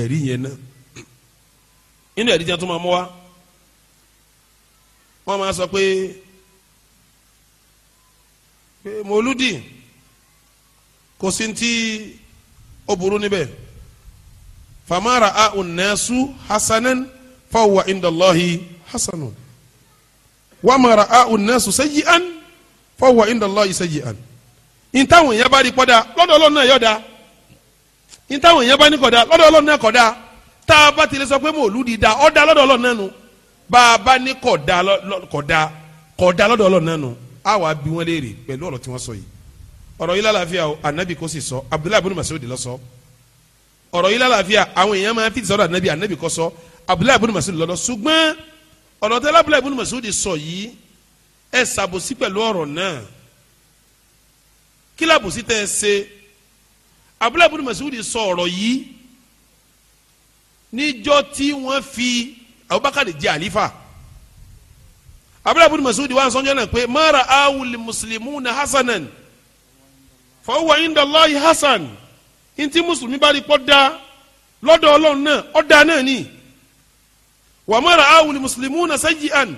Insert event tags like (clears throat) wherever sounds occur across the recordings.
ẹ̀rí yẹn náà inú ẹ̀rí tí wọ́n tún máa mú wa wọ́n máa sọ pé pé mòlúdì kò sí ti ó burú níbẹ̀ famara a unnasu hasanan fahuwa indallahi hasanun wàmàrà a unnasu sayyi'an fahuwa indallahi sayyi'an ìtàwọn èèyàn bá rí pọ́dà lọ́dọ̀ ọlọ́run náà da yín táwọn èèyàn bá ní kódà lọ́dọ̀ Ọlọ́run náà kódà tá a bá tilẹ̀ sọ pé mòlúdi da ọ̀dà lọ́dọ̀ Ọlọ́run náà nu bá a bá ní kódà kódà kódà lọ́dọ̀ Ọlọ́run náà nu á wàá bí wọ́n léèrè pẹ̀lú ọ̀rọ̀ tí wọ́n sọ yìí ọ̀rọ̀ yìí lálàáfíà o ànábì kò sì sọ Abdullahi ibn Mas'ud ló sọ ọ̀rọ̀ yìí lálàáfíà àwọn èèyàn máa fi sọ̀rọ̀ ànábì ànábì kò sọ Abdullahi ibn Mas'ud lọ́dọ̀ ṣùgbọ́n ọ̀rọ̀ tẹ́lẹ̀ Abdullahi ibn Mas'ud sọ yìí ẹ̀ ṣàbòsí pẹ̀lú ọ̀rọ̀ náà kílábòsí tẹ́ ẹ abdullahi ibn mas'ud sọ ọ̀rọ̀ yìí níjọ́ tí wọ́n fi abubakar jẹ àlífà abdullahi ibn mas'ud wà sọ́njọ́ náà pé mara awul muslimuna hasanan fọwọ́ indalahi hasan ntí mùsùlùmí bá rí pọ́ da lọ́dọ̀ ọlọ́run náà ọ̀dà náà ni wà mara awul muslimuna sayyi'an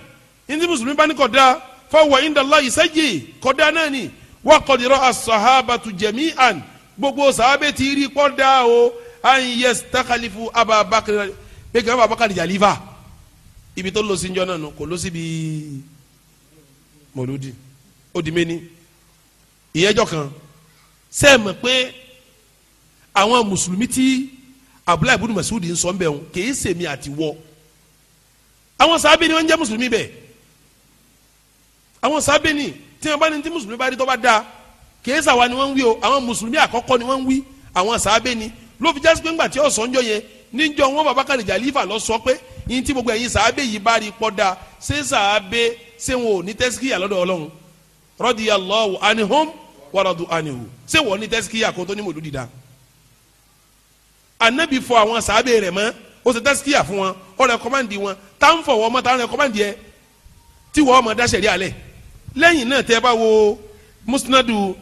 ntí mùsùlùmí bá ní kọ́ da fọwọ́ indalahi sayyi kọ́ da náà ni wà kọ́ dirọ́ as-sahabatu jami'an gbogbo sàábẹ̀ ti rí kọ́ da o an yẹs takalifu ababakar pé kí ababakar jalifa ibi tó lọ sí njọ́ náà nù kò lọ síbi mọ̀lúdì ó di méní kan sẹ́ẹ̀mọ̀ pé àwọn mùsùlùmí tí abdullahi ibn masudi ń sọ ń bẹ̀ wọn kì í sèmi àti wọ́ àwọn sábẹ́ ni wọ́n ń jẹ́ mùsùlùmí bẹ̀ àwọn sábẹ́ ni tí wọ́n bá ní tí mùsùlùmí bá rí tó bá dáa kìí sàwa ni wọ́n ń wí o àwọn mùsùlùmí àkọ́kọ́ ni wọ́n ń wí àwọn sàábẹ́ ni ló fi jásí pé ńgbà tí ó sọ ńjọ yẹn níjọ wọn Babakar Jalifa lọ sọ pé yín tí gbogbo ẹ̀yin sàábẹ́ yìí bá rí pọ́ da ṣé sàábẹ́ ṣé wọn ò ní tẹ́síkìyà lọ́dọ̀ ọlọ́run radiyallahu anhum waradu anhu ṣé wọ́n ní tẹ́síkìyà kó tó ní mòdù dìda anabi fọ àwọn sàábẹ́ rẹ̀ mọ́ ó ṣe tẹ́síkìyà fún wọn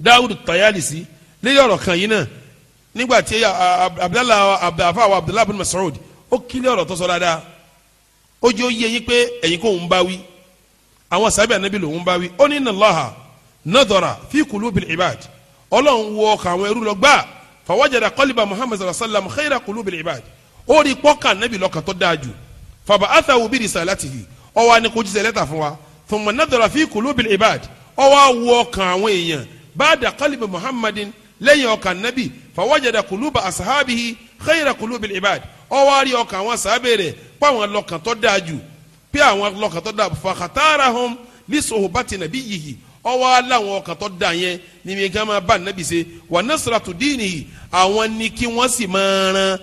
Dawud Tayalisi lórí ọ̀rọ̀ kan yìí náà nígbà tí abdallah afaw abdallah bin Mas'ud ó kílẹ̀ ọ̀rọ̀ tó sọ dáadáa ó jẹ́ ó yé yín pé ẹ̀yin kò ń bá wí àwọn sábẹ́ ànábì lòún bá wí ó ní inna Allaha nadhara fi qulubil ibad ọlọ́run wọ ọkàn àwọn ẹrú lọ gbà fawajada qalba Muhammad sallallahu alayhi wa sallam khayra qulubil ibad ó rí pọ́kà ànábì lọ́kàn tó dáa jù faba'athahu bi risalatihi ó wá ní kó ba'da qalbi muhammadin lẹ́yìn ọkàn nabi fawajada kuluba asahabihi khayra kulubil ibad ó wá rí ọkàn àwọn sábẹ́ rẹ̀ pé àwọn lọ́kàn tó dáa jù pé àwọn lọ́kàn tó dáa fakhatarahum li suhbati nabiyyihi ó wá láwọn ọkàn tó dáa yẹn ní mi kí máa bá nabi ṣe wa nasratu dinihi àwọn ni kí wọ́n sì máa ran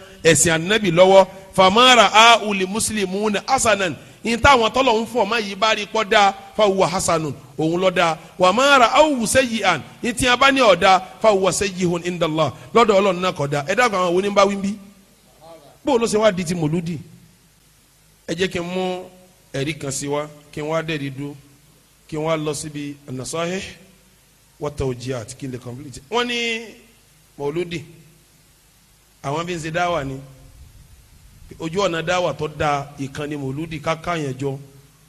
anabi lọ́wọ́ famara auli muslimuna hasanan ní táwọn tọ́lọ̀ ń fọ̀ máa yí bá rí pọ́ dáa fa huwa hasanun òun lọ́dà wà má ra awùwù sẹ́yì àn ìtì abá ní ọ̀dà fáwùwà sẹ́yì hùn ìndàlá lọ́dọ̀ ọlọ́run náà kọ̀dà ẹ dàgbà àwọn oníbà wí bí. bó o ló ṣe wá di ti mòlúdì ẹ jẹ́ kí n mú ẹ̀rí kan sí wa kí n wá dẹ́ẹ̀dì dú kí n wá lọ síbi an-nasāḥih wat-tawjīhat kí n lè complete. wọ́n ní mòlúdì àwọn bí ń ṣe dáwà ni ojú ọ̀nà dáwà tó da ìkànnì mòlúdì ká káyànjọ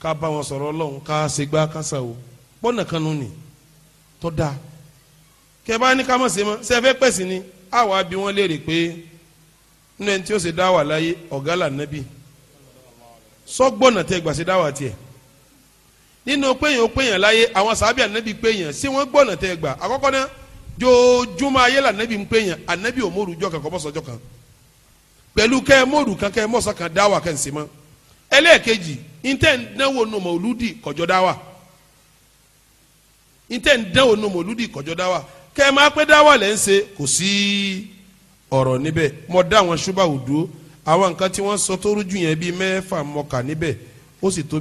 ká bá wọn sọ̀rọ̀ ọlọ́run ká ṣègbà ká pọ́nà kan nù ní tó kẹ bá ní ká mọ̀ sí mọ́ ṣe fẹ́ pẹ̀sì ni àwọn abí wọn léèrè pé nínú ẹni tí ó ṣe dá wà láyé ọ̀gá là nábì sọ́gbọ́nà tẹ gbà ṣe dá wà tiẹ̀ nínú péyàn péyàn láyé àwọn sàábì ànábì péyàn sí wọn gbọ́nà tẹ gbà àkọ́kọ́ náà jojúmọ́ ayé là nábì ń péyàn ànábì ò mórù jọ kan kọ́ mọ́sọ́jọ́ kan pẹ̀lú kẹ́ ẹ mórù kan kẹ́ ẹ mọ́sọ́ kan dá wà kẹ́ ń ṣe ẹlẹ́ẹ̀kejì ní tẹ́ ń náwó nù mọ́ olùdí kọjọ́ dá wà ntẹ̀ ń dán ònú mòlúdì kọjọ́ dáwà dawa ẹ máa pé dáwà lẹ́ ń ṣe kò sí ọ̀rọ̀ níbẹ̀ mo dá àwọn ṣúbà òdúró àwọn nǹkan tí wọ́n sọ tó rújú yẹn bíi mẹ́fà mo kà ó sì tó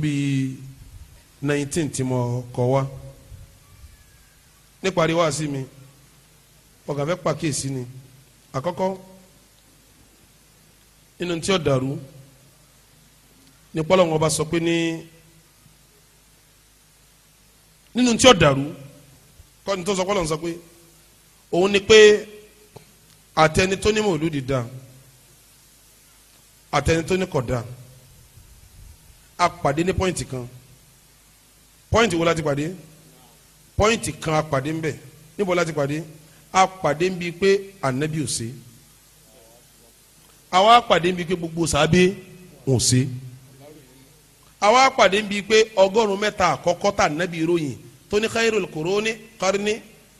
nineteen tí mo kọ wá níparí wá sí mi ọ̀gá fẹ́ pàkíyèsí ni àkọ́kọ́ nínú tí ó dàrú ní pọ́lọ́wọ́n ọba sọ pé ní nínú tí ó dàrú kọ́ni tó sọ kọ́ ló ń sọ pé òun ni pé àtẹni tó ní mòlúdi dá àtẹni tó ní kọ̀dá a pàdé ní pọ́ìntì kan pọ́ìntì wo la ti pàdé pọ́ìntì kan a pàdé ńbẹ níbo la ti pàdé a pàdé ń bi pé ànábì ò ṣe àwa pàdé ń pé gbogbo sàábé ò ṣe àwa pàdé ń bi pé ọgọ́rùn mẹ́ta àkọ́kọ́ tà nábì ìròyìn tó ní khairul kuruni qarni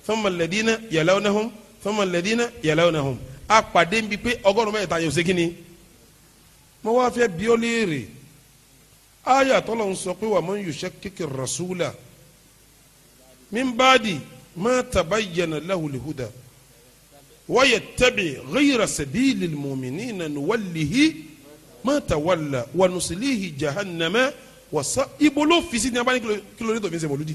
thumma alladhina yalawnahum thumma alladhina yalawnahum a pàdé ń bi pé ọgọ́rùn mẹ́ta yóò ṣe kíni. mo wá fẹ́ bí ó léèrè aya tọ́lọ̀ ń sọ pé wa man yushakkiki rasula min ba'di ma tabayyana lahul huda wa yattabi ghayra sabilil mu'minina nuwallihi má tawalla wa nuslihi jahannama wasa ibolo fisi ní abáyé kílódé tó fi ń ṣe mọ̀lúdì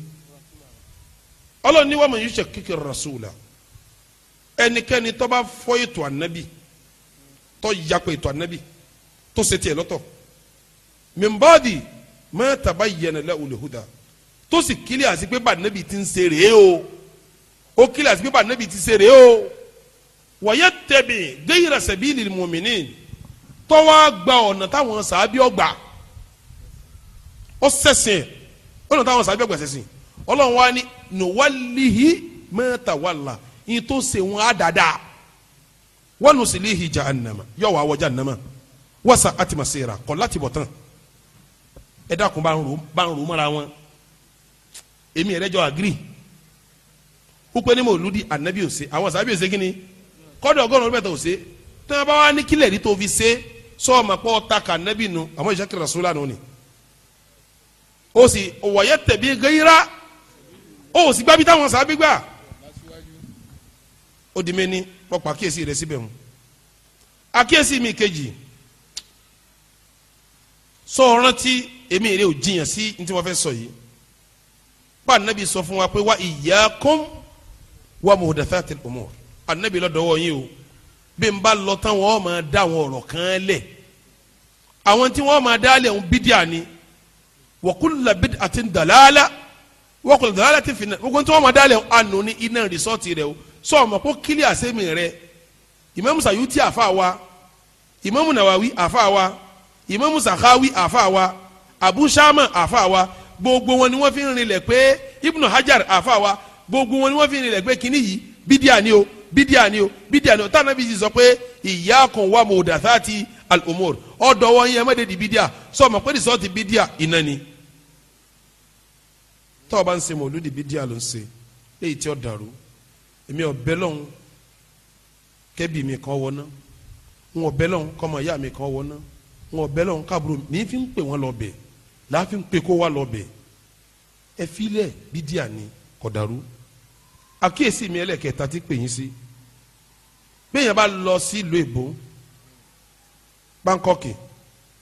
ọlọ́run ní wàá mọ̀ yìí ṣe kékeré rasúlà ẹnikẹ́ni tó bá fọ́ ètò ànábì tó yakọ̀ ètò ànábì tó ṣe tiẹ̀ lọ́tọ̀ mẹ́mbáàdì má tabayyana lahul huda tó sì kílẹ̀ àti bá ànábì ti ń ṣe rèé o ó kílẹ̀ àti bá ànábì ti ṣe rèé o wàyẹ̀ tẹ̀bi gẹ́yìrà sẹ̀bí lil mu'minin tọ́wọ́ gba ọ̀nà táwọn sàábí ọgbà ó sẹ̀sìn ọ̀nà táwọn sàábí ọgbà sẹ̀sìn ọlọ́run wa ni nùwálìhí mẹ́tàwálà yìí tó ṣe wọn á dáadáa wọn nù sí líhì jà ànàmà yọ wà wọjà ànàmà wọ́sà àtìmọ̀sẹ̀ra kọ́ láti bọ̀ tán ẹ dákun bá ń rò bá ń rò mọ́ra wọn èmi yẹrẹ jọ àgírí ó pé ní mo lù di ànábì òsè àwọn sàábì òsè kí ni kọ́dọ̀ ọgọ́rùn-ún bẹ́ẹ̀ tó òsè tí wọ́n bá wá ní kílẹ̀ rí tó fi ṣe é sọ́ọ̀mà pọ̀ ọ̀tàkà nẹ́bì nu àmọ́ ìṣẹ́kẹ̀rẹ̀ rasúlà nù ni o si wọ̀yẹ́ tẹ̀bí gẹ́yìrá o si gbábí táwọn sábẹ́ gbà ó di mẹ́ni pọ̀pọ̀ àkíyèsí rẹ̀ síbẹ̀ mu àkíyèsí mi kejì sọ̀rọ̀ tí èmi rẹ̀ ò jiyàn sí ní tí wọ́n fẹ́ sọ yìí pa anabi sọ fún wa pé wa iyyakum wa muhdathatil umur anabi lọ́dọ̀ wọ̀nyí o bí n bá lọ tán wọn máa dá àwọn ọ̀rọ̀ kan lẹ̀ àwọn tí wọn máa dá lẹ̀ ń bídíà ni wa kullu bid'atin dalala wa kullu dalalatin fi nnar gbogbo tí wọn máa dá lẹ̀ ànú ní iná rìsọ́ọ̀tì rẹ o sọ ọmọ kó kílí àsẹ́mi rẹ Imam Sayuti àfa wa Imam Nawawi àfa wa Imam Sakhawi àfa wa Abu Shama àfa wa gbogbo wọn ni wọn fi ń rinlẹ̀ pé Ibn Hajar àfa wa gbogbo wọn ni wọn fi ń rinlẹ̀ pé kinní yìí bídíà ni o Bidia ni o bídíà ni o tànà bí sì sọ pé ìyá kan wà mọ òdà sáàtì al-umur ọ̀dọ̀ wọn yẹn mẹ́tẹ̀ẹ̀dì bidia sọ̀mọ̀ pé rìsọ́ọ̀tì bídíà iná ni tọ́ ọ bá ń ṣe mọ̀lúdì bídíà ló ń ṣe léyìí tí ó dàrú èmi ọ̀bẹ lọ́hún kẹ́bí mi kan wọ ná ń ọ̀bẹ lọ́hún kọ́mọ ìyá mi kan wọ ná ń ọ̀bẹ lọ́hún káàbùrò mi fi ń pè wọ́n lọ bẹ̀ láàfin pé kó wà lọ bẹ̀ ẹ ni kò àkíyèsí mi ẹlẹ́kẹta ti pè yín sí bẹ́ẹ̀ yẹn bá lọ sí ìlú èbó Bangkok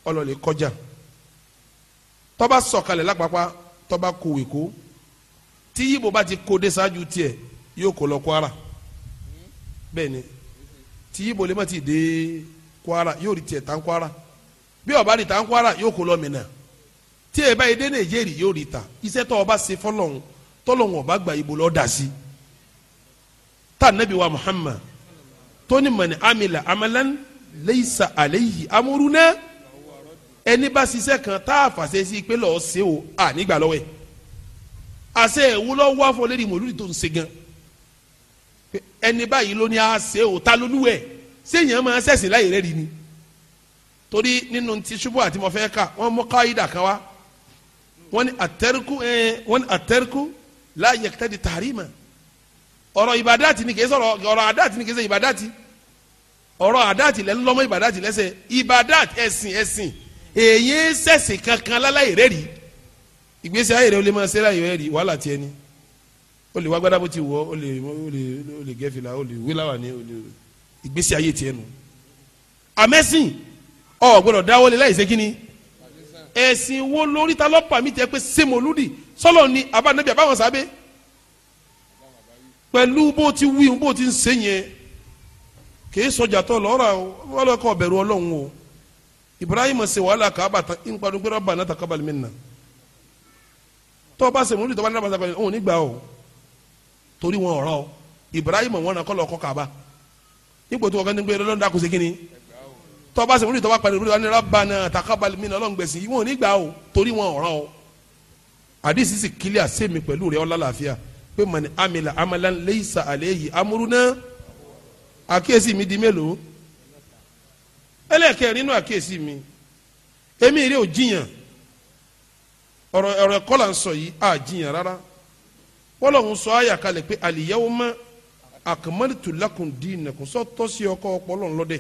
ọlọ́lẹ̀ kọjá tó bá sọ̀kalẹ̀ lápapá tó bá kó wèkó tí yíbo bá ti kó dé ṣáájú tiẹ̀ yóò kó lọ Kwara bẹ́ẹ̀ ni tí yíbo lè má ti dé Kwara yóò rí tiẹ̀ tán Kwara bí ọba rí tán Kwara yóò kó lọ Mínà tí ẹ báyìí dé Nàìjíríà yóò rí ta iṣẹ́ tó ọba ṣe fọlọ́hún tọ́lọ́hún ọba gba ìbò lọ́ọ́ dà sí i tá nabi wa muhammad tóní mani amila amalan leisa aleyhi amuruna ẹni bá ṣiṣẹ́ kan tá a fàṣẹ sí pé lọ́ọ́ ṣe o à nígbà lọ́wọ́ ẹ̀ àṣẹ ìwúlọ́ wá fún lédi mòlúdi tó ń ṣe gan ẹni báyìí ló ní a ṣe o ta lóluwẹ̀ sẹ́yìn máa ṣẹ̀sìn láyè rẹ̀ rí ni torí nínú ti ṣubú àti mọ̀fẹ́ ká wọ́n mú káyidà kan wá wọ́n ní àtẹ́rìkú eh, wọ́n ní àtẹ́rìkú láàyè kẹ́tẹ́ di tààrí mọ́ ọ̀rọ̀ ibadati ni kìí sọ̀rọ̀ ọ̀rọ̀ àdàtì ni kìí ṣe ìbàdàtì ọ̀rọ̀ àdàtì lẹ́nu lọ́mọ ìbàdàtì lẹ́sẹ̀ ìbàdàtì ẹ̀sìn ẹ̀sìn èyí sẹ̀sìn kankan láláì rẹ̀ rí ìgbésí ayé rẹ̀ ó lè máa ṣe láì rẹ̀ rí wàhálà tiẹ̀ ni ó lè wá gbádá bó ti wọ̀ ó lè ó lè gẹ́fìlà ó lè wíláwà ní ìgbésí ayé tiẹ̀ nu àmẹ́sìn ọ̀ gbọ́dọ̀ dáwọ́lé láì ṣe kíni wo lórí ta lọ́pàá mi tẹ́ pé sẹ́mọ̀lúdì sọ́lọ́ ni àbá nàbí àbáwọn pẹ̀lú bó ti wí bó ti ń ṣe yẹn kìí sọjà tó lọ́ra o wọ́n lọ ọlọ́run o Ibrahim ṣe wàhálà kàába ta ń padà gbéra bàánà taqabbal minna tọ́ bá ṣe múlùú tọ́ bá ní abàtà kọ́lẹ̀ nígbà o torí wọn ọ̀rọ̀ Ibrahim wọn kọ́ lọ́kọ́ kàába nígbà tó wọ́n gbé lọ́dún dàkú ṣe ni tọ́ bá ṣe múlùú tọ́ bá padà gbéra bàánà taqabbal minna ọlọ́ngbẹ̀sìn wọn nígbà o torí wọn ọ̀rọ̀ o pé mọ̀ni amìlà amalan laysa alayhi amúrúná àkíyèsí mi di mélòó ẹlẹ́ẹ̀kẹ́ nínú àkíyèsí mi èmi ìrẹ́ ò jiyàn ọ̀rọ̀ ọ̀rọ̀ ẹ̀kọ́ là ń sọ yìí à jiyàn rárá wọ́n lọ́hùn sọ àyà kalẹ̀ pé al-yawma akmaltu lakum dinakum sọ tọ́sí ọkọ ọpọlọ ńlọ́dẹ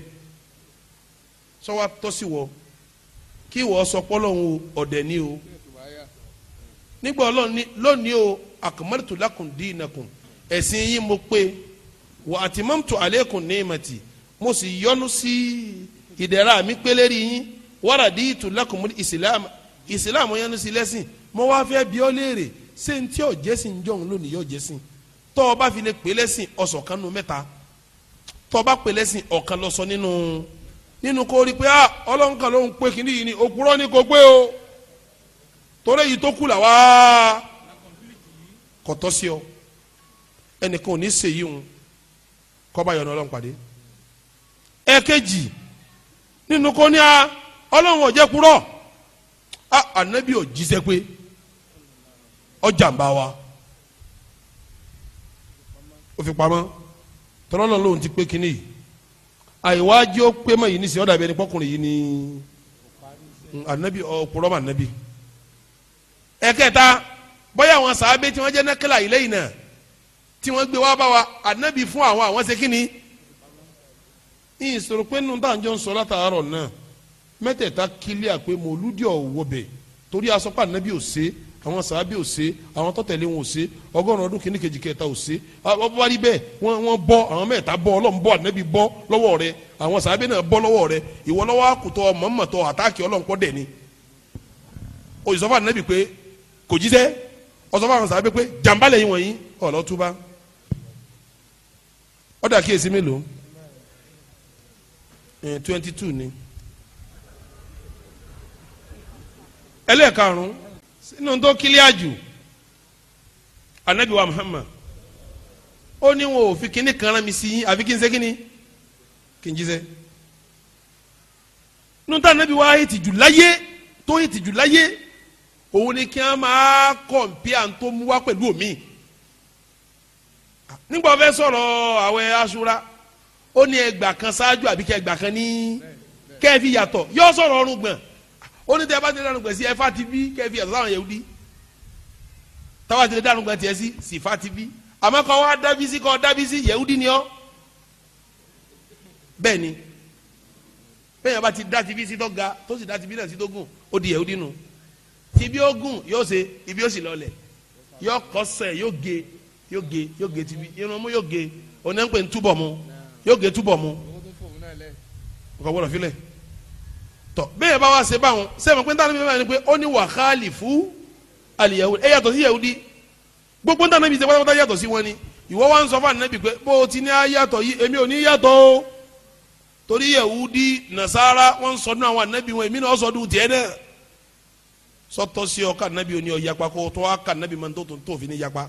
sọ wa tọ́sí wọ kí wọ́ sọ pọ́lọ́hùn ọ̀dẹ̀ ni o nígbà ọlọ́ni lónìí o akmaltu lakum dinakum ẹ̀sìn yìí mo pé wa atimamtu alaykum ni'mati mo sì yọ́nú sí ìdẹ̀ra mi pé lérí yín wa raditu lakumul islam islam yọ́nú sí lẹ́sìn mo wá fẹ́ bi ọ́ léèrè ṣé n tí ò jẹ́sìn jọ̀hún lónìí yóò jẹ́sìn tọ́ ọ bá fi lè pè lẹ́sìn ọ̀sọ̀ kan nu mẹ́ta tọ́ ọ bá pè lẹ́sìn ọ̀kan lọ́sọ nínú nínú kó rí pé ah, ọlọ́run kan ló ń yìí ni òkúrọ́ ni kò pé o torí èyí tó kù là wá kọtọ sí ọ ẹnìkan ò ní ṣe yìí kọba pàdé nínú ní a Ọlọ́run ọjẹ kúrọ a ànábì ò pé ọjà ń bá wa ó tọlọlọ lòun ti pé kínní yìí ó pé mọ yìí ní sè ẹni pọkùnrin yìí ní bóyá àwọn sàábé tí wọ́n jẹ́ nákìlá ilé yìí náà tí wọ́n gbé wá bá wa ànábì fún àwọn àwọn ṣe kí ni. ìyìn sọ̀rọ̀ pé nínú táwọn jọ ń sọ látàárọ̀ náà mẹ́tẹ̀ẹ̀ta kílíà pé mòlúdì ọ̀wọ́ bẹ̀ torí asọ́pá ànábì ò ṣe àwọn sàábé ò ṣe àwọn tọ́tẹ̀lé wọn ò ṣe ọgọ́rùn-ún ọdún kìíní kejì kẹta ò ṣe bẹ́ẹ̀ wọ́n wọ́n bọ́ àwọn mẹ́ta bọ́ ọlọ́run bọ́ ànábì bọ́ lọ́wọ́ rẹ àwọn sàábé náà bọ́ lọ́wọ́ rẹ ìwọ ọsọ fún àwọn sàbẹ pé jàmbá lẹ́yìn wọ̀nyí ọlọtúbá ọdà kíyèsí mélòó twenty two ni ẹlẹ́ẹ̀karùn-ún sínú tó kílíà jù anabiwa Muhammad ó ní wọn ò fi kíní kan rán mi sí yín àfi kí n ṣe kíní kí n jíṣẹ́ nínú tá anabiwa ètìjú láyé tó ètìjú láyé òun ni kí wọ́n máa kọ̀m̀pìà tó mú wá pẹ̀lú omi nígbà wọ́n fẹ́ sọ̀rọ̀ àwẹ̀ aṣura ó ní ẹgbà kan ṣáájú àbí kí ẹgbà kan ní kẹ́ẹ̀fì yàtọ̀ yọ sọ̀rọ̀ ọrùn gbọ̀n ó ní tẹ́ bá ti dánù gbọ̀n sí ẹ̀fà ti bí kẹ́ẹ̀fì yàtọ̀ sáwọn yẹ̀wù dí táwa ti dánù gbọ̀n tiẹ̀ sí sífà ti bí àmọ́ kọ́ wá dábísí kọ́ dábísí yẹ̀wù dí ni ọ́ bẹ́ẹ̀ ni bẹ́ẹ̀ yẹn bá ti dá ti bí sí tó ga tó sì dá ti bí náà sí tó gùn ó di yẹ̀wù dí No tíbi ó gùn yóò ṣe ibi ó sì lọlẹ̀ yóò kọsẹ̀ yóò ge yóò ge yóò ge tíbi irun mú yóò ge onípe ń túbọ̀ mu yóò ge túbọ̀ mu ọkọ̀ gbọ́dọ̀ filẹ̀ tọ́ bẹ́ẹ̀ bá wá ṣe báwọn sẹ́mi pé ntànàbí bẹ́ẹ̀ ni pé ó ní wàhálì fún àlìyàwó ẹ yàtọ̀ sí Yahudi gbogbo ntànàbí ṣe pátápátá yàtọ̀ sí wọn ni ìwọ wa ń sọ fún ànábì pé bó o ti ní ayàtọ̀ yìí èmi ò ní yàtọ̀ o torí Yahudi Nasara wọn sọdún àwọn ànábì wọn èmi náà sọdún tiẹ̀ náà sọtọ sí ọ ká anabi oní ọ yapa kó tó wá ká anabi máa ń tó tó tó fi ní yapa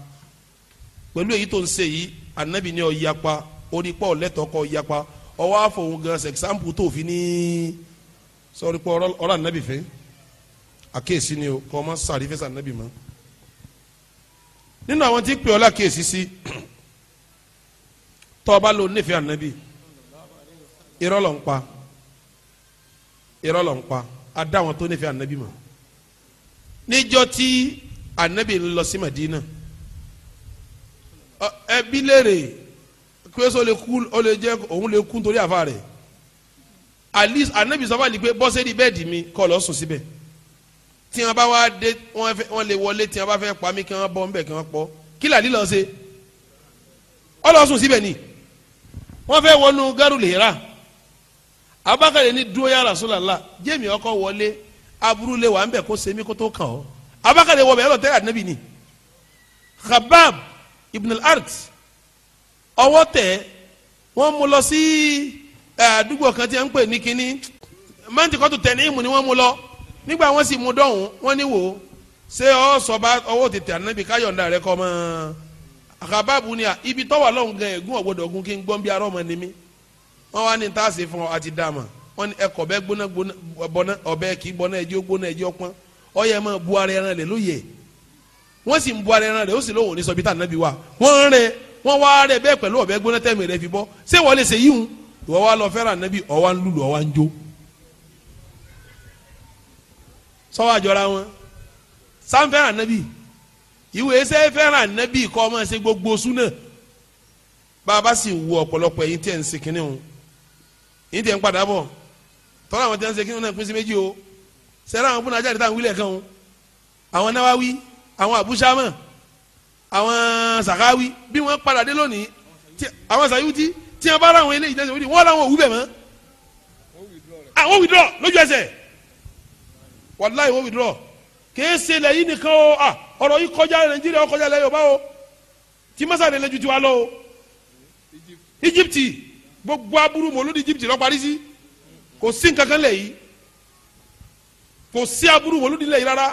pẹ̀lú èyí tó ń ṣe yìí anabi ní ọ yapa orí pọ̀ lẹ́tọ̀ọ́ kọ yapa ọwọ́ àfọwọ́n gan sẹ̀xámpù tó fi ní sọrí pọ̀ ọ̀rọ̀ anabi fẹ́ àkéèsí ni o kọ́ ọ ma sàrí fẹ́ sàn mọ́ nínú àwọn tí pè ọ́ lákéèsí sí (clears throat) tọ́ba ló nífẹ̀ẹ́ anabi irọ́ ń pa irọ́ ń pa a dá àwọn tó nífẹ̀ẹ́ anabi mọ́ níjọ́ tí anabi lọ sí Madina ẹbí léèrè pèsè ó lè jẹ òun lè kú nítorí àfa rẹ̀ at least anabi sọfà lè pé bọ́sẹ̀ di bẹ́ẹ̀dì mi kọ́ lọ sùn síbẹ̀ tí wọn bá wá dé wọn lè wọlé tí wọn bá fẹ́ pa mí kí wọn bọ́ nbẹ̀ kí wọn pọ̀ kí làlí lọ ṣe ọ lọ sùn síbẹ̀ ni wọn fẹ́ wọnú gárùlẹ̀ rà abakar ní dúró ya Rasulullah jẹ́mi ọkọ wọlé aburú lè wà ń bẹ̀ kó sẹ́mi kó tó kàn ọ́ abakari wọ bẹ̀ ẹ lọ tẹ́lẹ̀ àdínábì ni Khabbab ibn al-Arat ọwọ́ tẹ̀ wọ́n mú lọ sí àdúgbò kan tí wọ́n ń pè ní kínní mọ́ntìkọ́tù tẹ̀ ní ìmù ni wọ́n mú lọ nígbà wọ́n sì mú dọ́hùn wọ́n ní wò ṣé ọ sọba ọwọ́ tètè ànábì káyọ̀ǹda rẹ kọ́ mọ́ àkàbàbù ni ibi tọ́wà lọ́hùn gan ẹ̀gún ọ̀gbọ́dọ̀ ọ̀gún kí n gbọ́n bí arọ́ mọ́ ni mí wọ́n wá ní táàsì fún ọ àti dáàmọ́ wọ́n ní ẹkọ ọbẹ̀ gbóná gbóná ọbẹ̀ kì í gbóná ẹjọ́ gbóná ẹjọ́ pọ́n ọyẹ máa bu ara ẹran rẹ̀ lóye wọ́n sì ń bu ara ẹran ó sì lóhùn ní sọ nàbí wa wọ́n ń rẹ wọ́n wá rẹ bẹ́ẹ̀ pẹ̀lú ọbẹ̀ gbóná tẹ̀mí rẹ̀ fi bọ́ ṣé wọ́n lè ṣe yíhun ìwọ wa lọ fẹ́ràn nàbí ọwá ń lùlù ọwá ń jó sọ́wọ́ àjọra wọn sáà fẹ́ràn nàbí ìwé ṣe fẹ́ràn nàbí kọ́ ọmọ gbogbo súnà bàbá sì wù ọ̀pọ̀lọpọ̀ ẹ̀yin tẹ̀ ń tọ́lá àwọn tí wọ́n ń ṣe kí wọ́n náà pín sí méjì o sẹ́rẹ́ àwọn búnà ajáde táwọn wílẹ̀ kan o àwọn náwáwí àwọn àbúṣámọ̀ àwọn sàkáwí bí wọ́n padà dé lónìí àwọn sàyúti tí wọ́n bá ra àwọn eléyìí tẹ̀sán wọ́n làwọn òwú bẹ̀ mọ́ àwọn ah, withdraw lójú ẹsẹ̀ wàláyé wọ́n withdraw kìí ṣe ilẹ̀ yìí nìkan o ah, ọ̀rọ̀ yìí kọjá nàìjíríà ó kọjá ilẹ̀ o tí mọ́sálẹ̀ lẹ́jú tiwa lọ o Egypt gbogbo aburú mọ́lódì Egypt lọ́parí sí kò sí nǹkan kan lẹ̀ yìí kò sí aburú wòlúdi lẹ̀ yìí rárá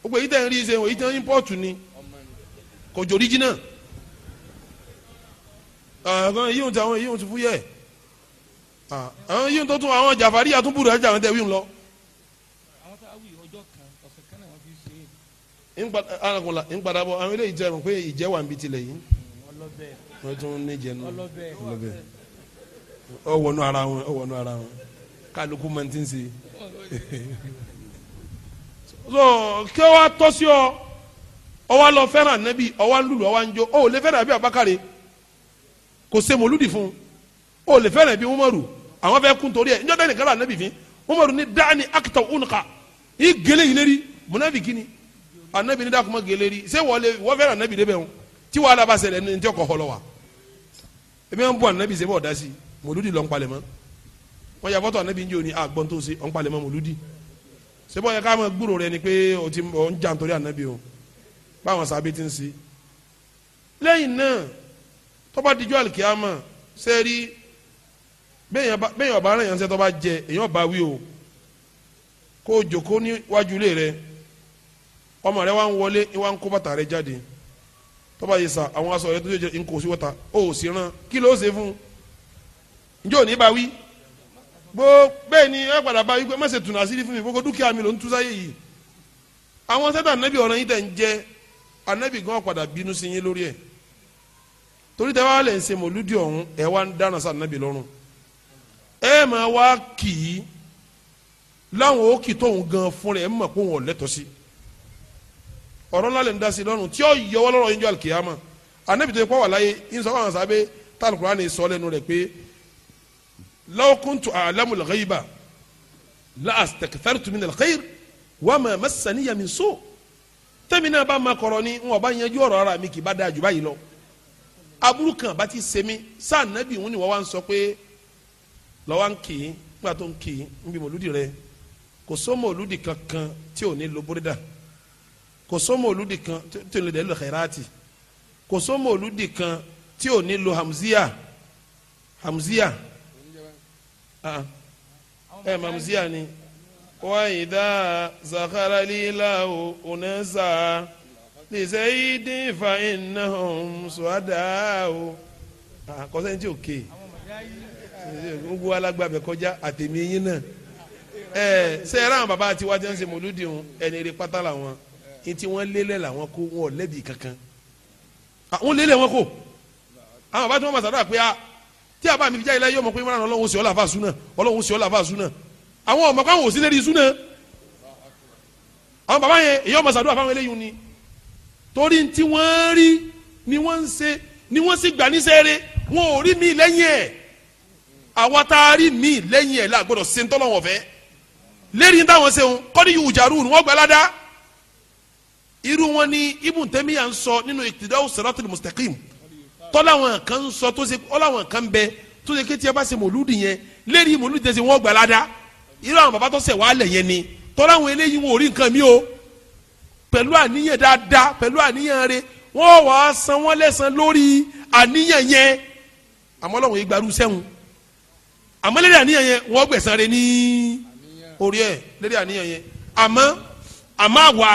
gbogbo èyí tẹ̀ ń rí ṣe èyí tẹ̀ ń import ni kò jò original àwọn yíyún tí àwọn yíyún ti fúyẹ́ àwọn yíyún tó tún àwọn jàfàrí àtúbùrù àti àwọn tẹ̀wé ń lọ. ń padà àwọn eléyìí jẹ́ mọ̀ pé ìjẹ́ wà níbi tilẹ̀ yìí wọ́n tún ní jẹ́ nù ọwọ́nú ara wọn ọwọ́nú ara wọn kálukú máa ti ń ṣe so kí ọ wá tọ́ sí ọ ọ wá lọ fẹ́ràn ànábì ọ wá lùlù ọ wá ń jó ọ ò lè fẹ́ràn àbí abakari kò ṣe mòlúdì fún ọ ò lè fẹ́ràn àbí umaru àwọn fẹ́ kún torí ẹ njọ́ dání kálá ànábì fín umaru ní dání akitọ̀ unuka yìí gèlè yìí lérí munabi kini ànábì ní dàkúmọ̀ gèlè rí ṣé wọ́n lè wọ́n fẹ́ràn ànábì débẹ̀ wọn tí wàhálà bá ṣẹlẹ̀ ní ntí ọkọ̀ họlọ wa wọ́n yà fọ́tò anabi ń jẹ́ òní àgbọ̀n tó ṣe ọ̀n palẹ̀ mọ́ mọ́lúdì sẹ́bọ̀ yẹ ká gbúrò rẹ ni pé o ti ọ̀ ń jà nítorí anabi o báwọn sábẹ́ ti ń ṣe. lẹ́yìn náà tọ́ba dijọ́ alikiyama sẹ́ẹ̀rí bẹ́ẹ̀ ọba rẹ̀ yẹn ń sẹ́ tọ́ba jẹ èyàn bá wí o kó o jòkó níwájú ilé rẹ ọmọ rẹ wá ń wọlé wá ń kó bàtà rẹ jáde tọ́ba yìí sà àwọn aṣọ rẹ tó jẹ́ nkòsí wọ́ta ó sì rán kí ló ṣe fún un njẹ́ òní bá wí gbogbo bẹ́ẹ̀ ni ẹ padà bá wípé má ṣe tùnà sílí fún mi gbogbo dúkìá mi ló ń tú sáyé yìí àwọn sẹ́tà ànábì ọ̀ràn yín tẹ̀ ń jẹ́ ànábì gan padà bínú sí yín lórí ẹ̀ torí tẹ́ wá lẹ̀ ń ṣe mọ̀lúdì ọ̀hún ẹ̀ wá ń dáná sí ànábì lọ́rùn ẹ máa wá kì í láwọn ó kì tóun gan fún rẹ̀ ẹ̀ mọ̀ pé òun ò lẹ́tọ̀ọ́ sí ọ̀rọ̀ ńlá lè ń dá sí lọ́rùn tí ó yọwọ́ lọ́rọ̀ yín jọ àlùkìyàmà ànábì tó yẹ law kuntu a'lamu al-ghayba la astakthartu min al-khayr wa ma massaniya min su' tẹ́mi náà bá ma kọ̀rọ̀ ni n ò bá yanjú ọ̀rọ̀ ara mi kì í bá dáa jù báyìí lọ aburú kan bá ti ṣe mí sáà nábì òun ni wọ́n wá ń sọ pé lọ́wọ́ ń kì í nígbà tó ń kì í ń bí mòlúdì rẹ kò sómò olùdì kankan tí ò ní lo búrídà kò sómò olùdì kan tí ò ní lo xẹ́ráàtì kò sómò olùdì kan tí ò ní lo hamziya hamziya ẹ ah. eh, mamusiya ni wa idha zakhara lilahu unasa liseyidi fa innahum suadau ah, kọsẹ́ni tí o ké gbogbo alágbàbẹ kọjá àtẹ̀mí yín náà eh, ẹ sẹ́yìn ráhùn bàbá àti wájú ẹ̀ ń ṣe mòlúdì ń ẹni eré pátá làwọn ní tí wọ́n lélẹ̀ làwọn kó wọn ò lẹ́bi kankan àwọn ah, lélẹ̀ wọn kò àwọn bàbá tí wọ́n bá sàdúrà pé tí àbá mi fi jáde láyé ọmọ pé ìmọ̀ràn ọlọ́run sí ọ́ làfà súnà ọlọ́run sí ọ́ làfà súnà àwọn ọmọ kan wò sí lérí súnà àwọn bàbá yẹn èyí ọmọ sàdúrà fáwọn eléyìí ni torí tí wọ́n rí ni wọ́n ń ṣe ni wọ́n sì gbà ní sẹ́ẹ̀rẹ́ wọn ò rí mi lẹ́yìn ẹ̀ àwa tá a rí mi lẹ́yìn ẹ̀ la gbọ́dọ̀ ṣe ń tọ́lọ́wọ̀n fẹ́ lérí táwọn ṣe ń kọ́ni yìí ìjàrú ni wọ́n gbà ládàá irú wọn ni Ibn Taymiyyah ń sọ nínú Iqtida'us Siratil Mustaqim tọ́láwọn kan sọ tó ṣe ọláwọn kan bẹ tó ṣe kétí ẹ bá ṣe mòlúdì yẹn lérí mòlúdì tẹ̀sí wọn gbà ládàá irú àwọn bàbá tó ṣẹ̀ wàhálẹ̀ yẹn ni tọ́láwọn eléyìí wọn ò rí nǹkan mi o pẹ̀lú àníyàn dáadáa pẹ̀lú àníyàn rẹ wọ́n wàá san wọ́n lẹ́san lórí àníyàn yẹn àmọ́ lọ́wọ́ igbaru sẹ́hun àmọ́ lérí àníyàn yẹn wọ́n gbẹ̀san rẹ ní orí ẹ̀ lérí àníyàn yẹn àmọ́ àmọ́ àwa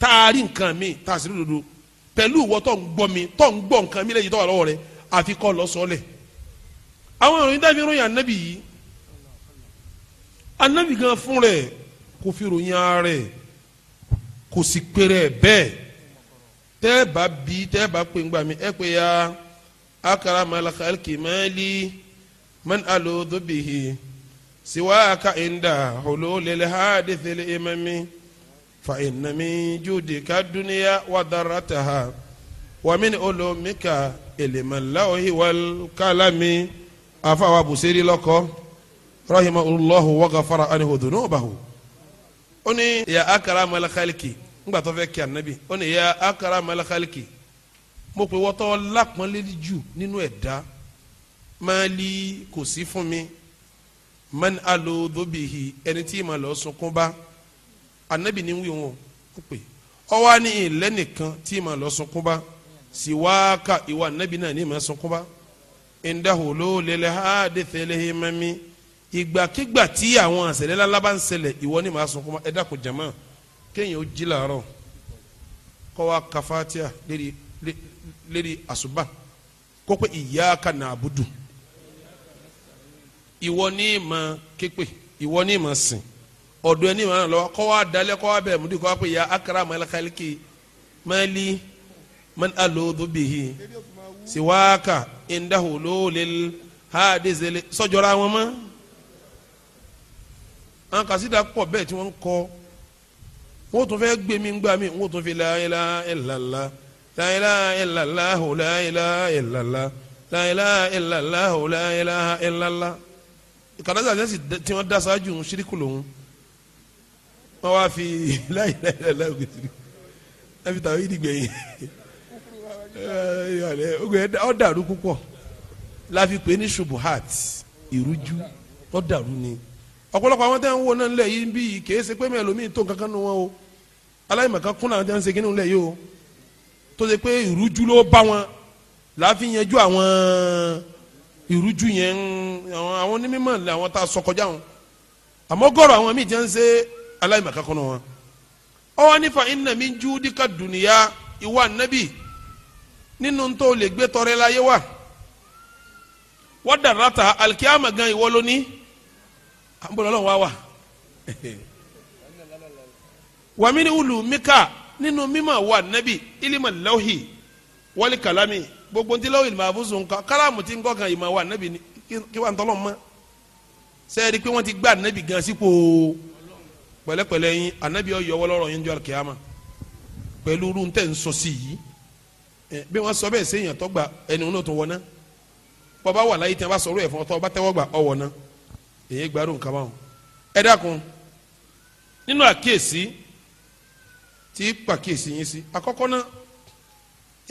tá a rí nǹkan mi tá a sì rí òdodo pẹ̀lú ìwọ tó ń gbọ́ mi tó ń gbọ́ nǹkan mi lẹ́yìn tó wà lọ́wọ́ rẹ àfi kọ́ lọ sọ́ọ́lẹ̀ àwọn ìròyìn dábì ròyìn anabi yìí anabi gan fún rẹ kò fi ròyìn ara rẹ kò sì péré bẹ́ẹ̀ tẹ́ bá bí tẹ́ bá pé ńgbà mi ẹ pé ya akara malakal kimali man alo dobihi siwa aka inda holo lele ha de tele emami. فإن من جودك الدنيا وذرتها ومن علومك علم اللوح والقلم أفا أبو سيري لك رحمه الله وغفر عنه ذنوبه أني يا أكرم الخلق ngba tó fẹ́ kí anabi ó ní ya akram al-khalqi mo pe wọ́tọ́ lápọ́nlé jù nínú ẹ̀dá máa lí kò sí fún mi man alódóbìhì ẹni tí mà lọ sunkún bá anabi ni wí wọn ó pè ọwọ́ á ní ilẹ̀ nìkan tí màá lọ sunkún bá sì wá ka ìwà anabi náà ní màá sunkún bá ìdáhùn ló lélẹ̀ ha dé tẹ́lẹ̀ hí mẹ́mí ìgbàkigbà tí àwọn àṣẹlẹ̀ ńlá bá ń ṣẹlẹ̀ ìwọ ni màá sunkún bá ẹ dákun jama kéèyàn ó jí làárọ̀ kọ́ wa ka fatia lérí àṣùbà kó pé ìyá ka nà ìwọ ni màá képe ìwọ ni màá sìn ọ̀dọ̀ ẹni màá lọ kọ́ wa dalẹ̀ kọ́ wa bẹ̀ mú di kọ́ wa pé ya akara malakaliki mali man alóòdù bihi siwaka indahulolil hadizele sọjọra wọn mọ́ àwọn kàsídà pọ̀ bẹ́ẹ̀ tí wọ́n ń kọ́ wọ́n tún fẹ́ gbé mi gbá mi wọ́n tún fi la ilaha illallah la ilaha illallah la ilaha illallah la ilaha illallah la ilaha illallah kàdájà yẹn sì tí wọ́n dá sáájú ń ṣírí kù lòun wọ́n wá fi (laughs) láìláìláìlá òkùtìrì wọ́n fi tàwé ìdìgbẹ̀yìn ó dàrú púpọ̀ láfi pé ní subuhat ìrújú ó dàrú ni ọ̀pọ̀lọpọ̀ àwọn tẹ́ ń wo náà nílẹ̀ yìí bí kìí ṣe pé mẹ́lòmíì tó kankan nu wọn o aláìmọ̀kan kún làwọn tẹ́ ń ṣe kínní nílẹ̀ yìí o tó ṣe pé ìrújú ló bá wọn láfi yanjú àwọn ìrújú yẹn àwọn onímọ̀ làwọn tá a sọ kọjá wọn àmọ́ gọ́rọ̀ àwọn míì tẹ́ ń ṣe aláìmọ̀ká kọ́nà wọn. ọwọ́ nífa iná mi jú díka dùnìyà ìwà nábì nínú tó lè gbé tọrẹ láyé wà. wọ́n dàrá ta alikiyama gan ìwọ lóní. à ń bọ̀ lọ́wọ́ (laughs) wa wà. wàmí ni wùlù mika nínú mímọ̀ wà nábì ilima lọ́hì wọ́lì kàlámì gbogbo ntí lọ́wọ́ ìlmà àfúnso nǹkan kálàmù tí ń kọ́ ìmọ̀ wà nábì kí wà ń tọ́lọ́ mọ́ sẹ́ẹ̀rí pé wọ́n ti gbà nábì gan sípò. Si pẹ̀lẹ́pẹ̀lẹ́ yín anabi ọyọ wọlọrọ yín jọ alikiyama pẹ̀lú irú tẹ ń sọ sí yìí ẹ bí wọn sọ bẹ́ẹ̀ sẹ́yìn àtọgbà ẹni wọn tó wọn ná bọba wà láyé tí wọn bá sọ ọ̀rọ̀ ẹfọn ọtọ ọba tẹ́wọ́ gbà ọwọ́ ná èyí gbádùn kama o ẹ dákun nínú àkíyèsí tí pàkíyèsí yín sí àkọ́kọ́ náà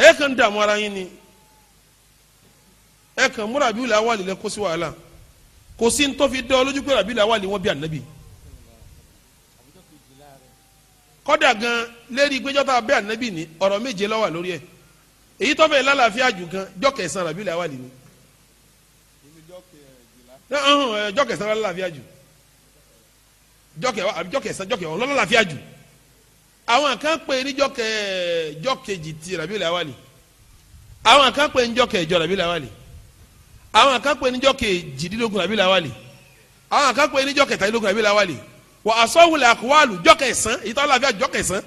ẹ kàn dààmú ara yín ni ẹ kàn múra bíi làwọn àlè lẹ kó sí wàhálà kò sí ní tó ọ lójú pé ràbí làwọn àlè wọn bí ànábì kọ́dà gan lérí péjọ́ tá a bẹ́ ànábì ní ọ̀rọ̀ méje ló wà lórí ẹ̀ èyí tó fẹ́ lálàáfíà jù gan jọ́ kẹsàn-án rabi làwà lè ní. jọ́ kẹsàn-án lálàáfíà jù jọ́ kẹsàn-án jọ́ kẹwàá lálàáfíà jù àwọn kan pè ní jọ́ kẹ jọ́ kejì ti rabi làwà lè àwọn kan pè ní jọ́ kẹjọ rabi làwà lè àwọn kan pè ní jọ́ kejìdínlógún rabi làwà lè àwọn kan pè ní jọ́ kẹtàdínlógún rabi làwà lè wà asọ́wulẹ̀ àkúwàlù jọ́kẹ̀sán èyí tó àlàáfíà jọ́kẹ̀sán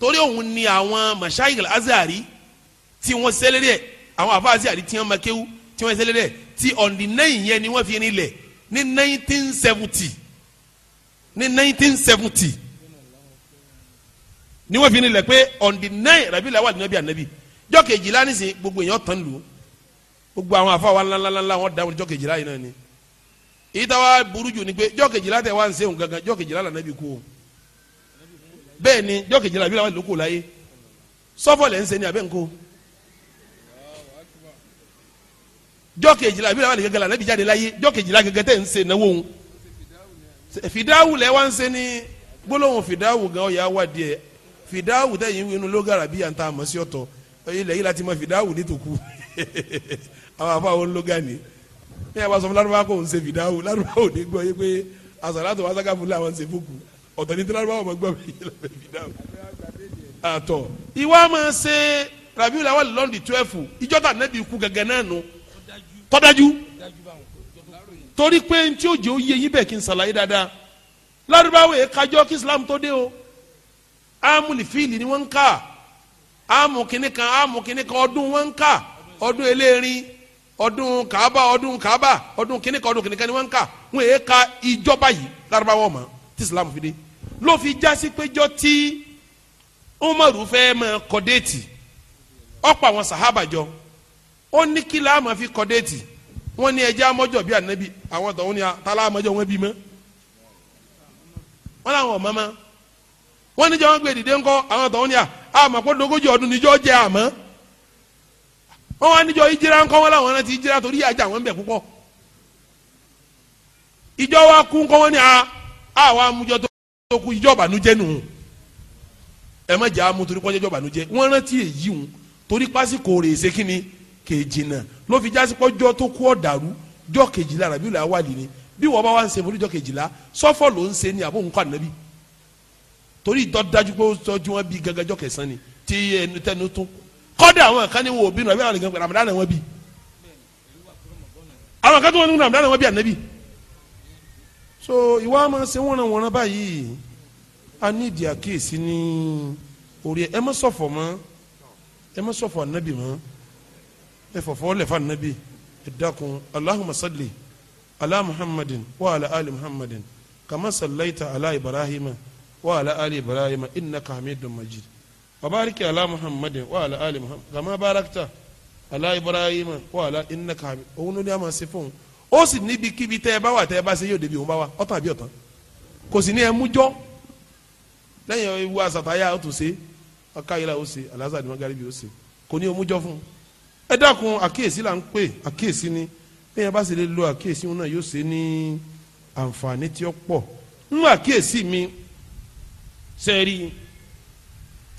torí òun ni àwọn mashayikil azari tí wọ́n sẹ́lẹ̀rẹ̀ ẹ̀ àwọn àfa azari tí wọ́n makéwu tí wọ́n sẹ́lẹ̀rẹ̀ ẹ̀ tí ọ̀ndì nẹ́yìn yẹn ni wọ́n fi ní lẹ̀ ní nineteen seventy ní nineteen seventy ni wọ́n fi ní lẹ̀ pé ọ̀ndì nẹ́yìn rabi lawal nabi anabi jọ́kẹ̀jìlá nísìnyí gbogbo èèyàn tán lù gbogbo àwọn àfa wa ńláńláńlá wọn dáwọn jọ́kẹ̀jìlá yìí náà ni ìtawà burújú ni pé jọ́kejìlá tẹ̀ wá ń sẹ́wọ̀n gangan jọ́kejìlá là nàbí kú o bẹ́ẹ̀ ni jọ́kejìlá bí làwọn lóko láyé sọ́fọ̀ lẹ́ ń sẹ́ni abẹ́ ńkọ́ jọ́kejìlá bí làwọn gẹ́gẹ́ là nàbí jáde láyé jọ́kejìlá gẹ́gẹ́ tẹ̀ ń sẹ́ náwó ń fìdáwù lẹ́ wá ń sẹ́ni gbólóhùn fìdáwù gan ọ̀yà wà díẹ̀ fìdáwù tẹ̀yìn wínú lógara bí yàtọ̀ àmọ́ sí ọ̀tọ̀ ilẹ̀ yìí láti mọ fìdáwù ní tòkú (laughs) àwọn àbáwọn lógani ní ẹ bá sọ fún Lárúbáwá kò ń ṣe fìdáwò Lárúbáwá ò ní gbọ́ yé pé àsàlátò wa sákàfù làwọn ń ṣe fúkú ọ̀tọ̀ ní tí Lárúbáwá ọmọ gbọ́ mi lọ́bẹ̀ fìdáwò. àtọ̀ ìwà máa ṣe rabiu lawal lọ́ndì twelve ìjọba nẹ́bí ikú gẹ́gẹ́ náà nù tọ́dájú torí pé ntí òjò yẹ yín bẹ́ẹ̀ kí n ṣàlàyé dáadáa Lárúbáwá yẹ kájọ́ kí Islam tó dé o áàmù ní fíìlì ni wọ́n ń kà áàmù kìnnìkan áàmù kìnnìkan ọdún wọ́n ń kà ọdún eléèrín ọdún kaaba ọdún kaaba ọdún kìnnì ọdún kìnnì ni ka ìjọba yìí lárúbáwọ̀ ma tí islam fi dé ló fi jásí tí umaru fẹ́ mọ kọ́déètì ọ̀pọ̀ àwọn sahaba jọ ó ní kí la fi kọ́déètì ní bíi àwọn wọn bí làwọn wọn gbé dìde wọ́n wá níjọ ìjìrá ńkọ́ wọn làwọn ti ìjìrá torí àjà wọn bẹ̀ púpọ̀ ìjọ wa kú ńkọ́ ni ah, a wa amújọ tó kú ìjọ ìbànújẹ́ nù ẹ má jà á mú torí kọ́jọ́ ìjọ ìbànújẹ́ wọ́n rántí èyí hùn torí pásíkò rè ṣe kínni kejì ló fi jásí pọ́jọ́ tó kú ọ̀dàrú jọ́ kejìlá rẹ̀ bí wọ́n wà lónìí bí wọ́n bá wà ń ṣe fún kejìlá sọ́fọ̀ ló ń ṣe ni àbó nǹkan ànábì torí ìtọ́jú pé ó sọ́jú wọn bí gẹ́gẹ́ jọ́ kẹsàn-án ni tí ẹnu tẹnu tún kọ́dà àwọn kan ní wo òbí nù àbí àwọn nìkan pẹ̀lú àmàlà àwọn bí àwọn kan tó wọn nù àmàlà àwọn bí ànábì so ìwà máa ṣe wọ́n ràn wọ́n rán báyìí a ní ìdí àkíyèsí ní orí ẹ má ṣọ̀fọ̀ mọ́ ẹ má ṣọ̀fọ̀ ànábì mọ́ ẹ fọ̀fọ̀ lẹ̀ ànábì ẹ dákun Allahumma salli ala Muhammadin wa ala ali Muhammadin kama sallaita ala Ibrahima wa ala ali Ibrahima innaka hamidun majid. وبارك على محمد وعلى آل محمد كما باركت على إبراهيم وعلى إنك حميد òun ni a máa ṣe fún ó sì níbi kíbi tẹ́ ẹ bá wà tẹ́ ẹ bá ṣe yóò débi òun bá wà ọ̀tàn àbí ọ̀tàn kò sì ní ẹ mú jọ́ lẹ́yìn ìwú àsàtàyà ó tún ṣe akáyìlá ó ṣe ni magaribi ó ṣe kò ní ẹ ni lẹ́yìn bá sì lè lo àkíyèsí òun náà yóò ṣe ní àǹfààní tí ó pọ̀ ń àkíyèsí mi sẹ́ẹ̀rí